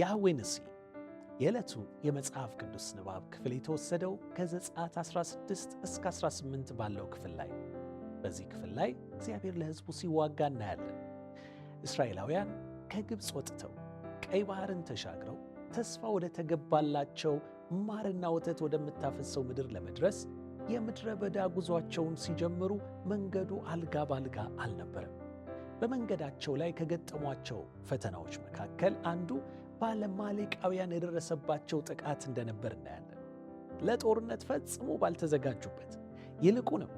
ያህዌ ንሲ የዕለቱ የመጽሐፍ ቅዱስ ንባብ ክፍል የተወሰደው ከዘጸአት 16 እስከ 18 ባለው ክፍል ላይ። በዚህ ክፍል ላይ እግዚአብሔር ለሕዝቡ ሲዋጋ እናያለን። እስራኤላውያን ከግብፅ ወጥተው ቀይ ባሕርን ተሻግረው ተስፋ ወደ ተገባላቸው ማርና ወተት ወደምታፈሰው ምድር ለመድረስ የምድረ በዳ ጉዟቸውን ሲጀምሩ መንገዱ አልጋ ባልጋ አልነበረም። በመንገዳቸው ላይ ከገጠሟቸው ፈተናዎች መካከል አንዱ ባለማሌቃውያን የደረሰባቸው ጥቃት እንደነበር እናያለን። ለጦርነት ፈጽሞ ባልተዘጋጁበት፣ ይልቁንም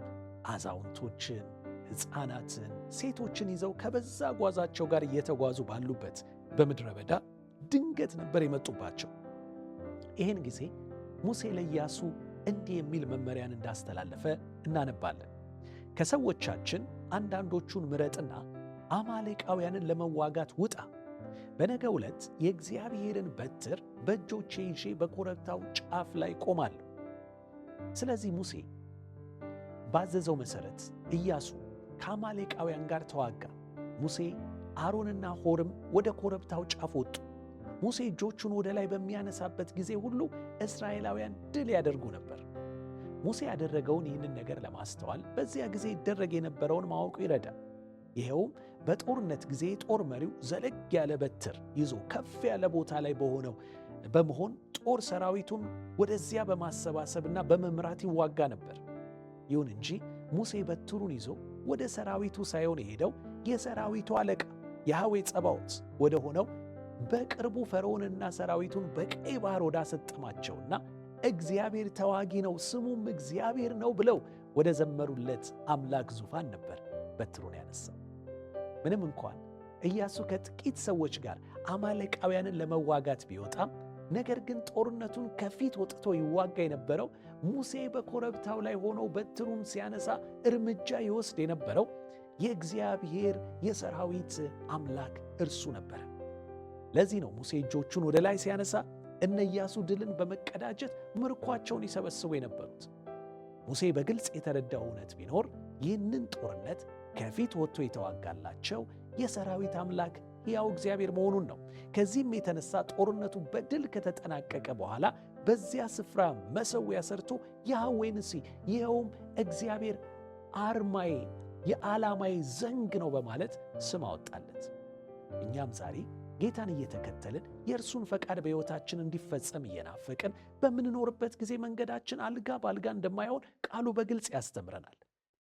አዛውንቶችን፣ ሕፃናትን፣ ሴቶችን ይዘው ከበዛ ጓዛቸው ጋር እየተጓዙ ባሉበት በምድረ በዳ ድንገት ነበር የመጡባቸው። ይህን ጊዜ ሙሴ ለኢያሱ እንዲህ የሚል መመሪያን እንዳስተላለፈ እናነባለን። ከሰዎቻችን አንዳንዶቹን ምረጥና አማሌቃውያንን ለመዋጋት ውጣ በነገ ዕለት የእግዚአብሔርን በትር በእጆቼ ይዤ በኮረብታው ጫፍ ላይ ቆማለሁ። ስለዚህ ሙሴ ባዘዘው መሠረት ኢያሱ ከአማሌቃውያን ጋር ተዋጋ። ሙሴ አሮንና ሆርም ወደ ኮረብታው ጫፍ ወጡ። ሙሴ እጆቹን ወደ ላይ በሚያነሳበት ጊዜ ሁሉ እስራኤላውያን ድል ያደርጉ ነበር። ሙሴ ያደረገውን ይህንን ነገር ለማስተዋል በዚያ ጊዜ ይደረግ የነበረውን ማወቁ ይረዳል። ይኸውም በጦርነት ጊዜ ጦር መሪው ዘለግ ያለ በትር ይዞ ከፍ ያለ ቦታ ላይ በሆነው በመሆን ጦር ሰራዊቱን ወደዚያ በማሰባሰብና በመምራት ይዋጋ ነበር። ይሁን እንጂ ሙሴ በትሩን ይዞ ወደ ሰራዊቱ ሳይሆን የሄደው የሰራዊቱ አለቃ የሐዌ ጸባዖት ወደ ሆነው በቅርቡ ፈርዖንና ሰራዊቱን በቀይ ባህር ወዳሰጠማቸውና እግዚአብሔር ተዋጊ ነው ስሙም እግዚአብሔር ነው ብለው ወደ ዘመሩለት አምላክ ዙፋን ነበር በትሩን ያነሳው። ምንም እንኳን ኢያሱ ከጥቂት ሰዎች ጋር አማለቃውያንን ለመዋጋት ቢወጣም ነገር ግን ጦርነቱን ከፊት ወጥቶ ይዋጋ የነበረው ሙሴ በኮረብታው ላይ ሆኖ በትሩን ሲያነሳ እርምጃ ይወስድ የነበረው የእግዚአብሔር የሰራዊት አምላክ እርሱ ነበረ። ለዚህ ነው ሙሴ እጆቹን ወደ ላይ ሲያነሳ እነ ኢያሱ ድልን በመቀዳጀት ምርኳቸውን ይሰበስቡ የነበሩት። ሙሴ በግልጽ የተረዳው እውነት ቢኖር ይህንን ጦርነት ከፊት ወጥቶ የተዋጋላቸው የሰራዊት አምላክ ሕያው እግዚአብሔር መሆኑን ነው። ከዚህም የተነሳ ጦርነቱ በድል ከተጠናቀቀ በኋላ በዚያ ስፍራ መሠዊያ ሰርቶ ያህዌ ንሲ፣ ይኸውም እግዚአብሔር አርማዬ የዓላማዬ ዘንግ ነው በማለት ስም አወጣለት። እኛም ዛሬ ጌታን እየተከተልን የእርሱን ፈቃድ በሕይወታችን እንዲፈጸም እየናፈቅን በምንኖርበት ጊዜ መንገዳችን አልጋ በአልጋ እንደማይሆን ቃሉ በግልጽ ያስተምረናል።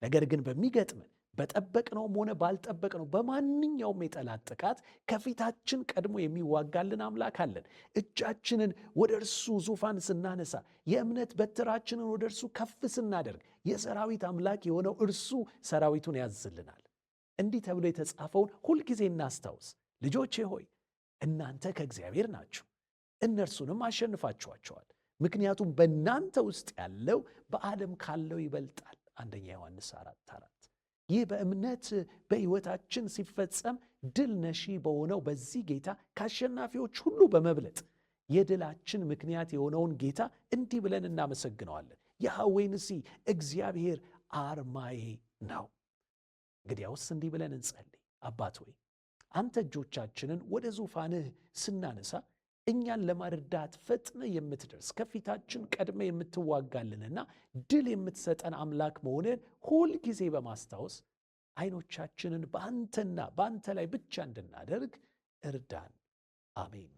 ነገር ግን በሚገጥመን በጠበቅነውም ሆነ ባልጠበቅነው በማንኛውም የጠላት ጥቃት ከፊታችን ቀድሞ የሚዋጋልን አምላክ አለን። እጃችንን ወደ እርሱ ዙፋን ስናነሳ፣ የእምነት በትራችንን ወደ እርሱ ከፍ ስናደርግ፣ የሰራዊት አምላክ የሆነው እርሱ ሰራዊቱን ያዝልናል። እንዲህ ተብሎ የተጻፈውን ሁልጊዜ እናስታውስ። ልጆቼ ሆይ እናንተ ከእግዚአብሔር ናችሁ፣ እነርሱንም አሸንፋችኋቸዋል፣ ምክንያቱም በእናንተ ውስጥ ያለው በዓለም ካለው ይበልጣል። አንደኛ ዮሐንስ አራት አራት ይህ በእምነት በሕይወታችን ሲፈጸም ድል ነሺ በሆነው በዚህ ጌታ ከአሸናፊዎች ሁሉ በመብለጥ የድላችን ምክንያት የሆነውን ጌታ እንዲህ ብለን እናመሰግነዋለን። ያህዌ ንሲ እግዚአብሔር አርማዬ ነው። እንግዲያውስ እንዲህ ብለን እንጸልይ። አባት ሆይ አንተ እጆቻችንን ወደ ዙፋንህ ስናነሳ እኛን ለማርዳት ፈጥነ የምትደርስ ከፊታችን ቀድመ የምትዋጋልንና ድል የምትሰጠን አምላክ መሆንን ሁልጊዜ በማስታወስ አይኖቻችንን በአንተና በአንተ ላይ ብቻ እንድናደርግ እርዳን። አሜን።